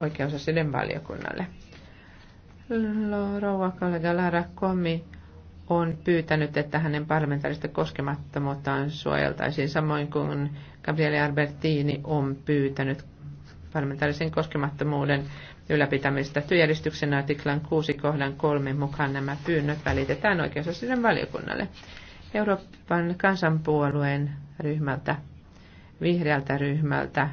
oikeusasioiden valiokunnalle. Rouva kollega Lara Komi on pyytänyt, että hänen parlamentaarista koskemattomuuttaan suojeltaisiin, samoin kuin Gabriele Albertini on pyytänyt parlamentaarisen koskemattomuuden ylläpitämistä. Työjärjestyksen artiklan 6 kohdan 3 mukaan nämä pyynnöt välitetään oikeusasioiden valiokunnalle. Euroopan kansanpuolueen ryhmältä, vihreältä ryhmältä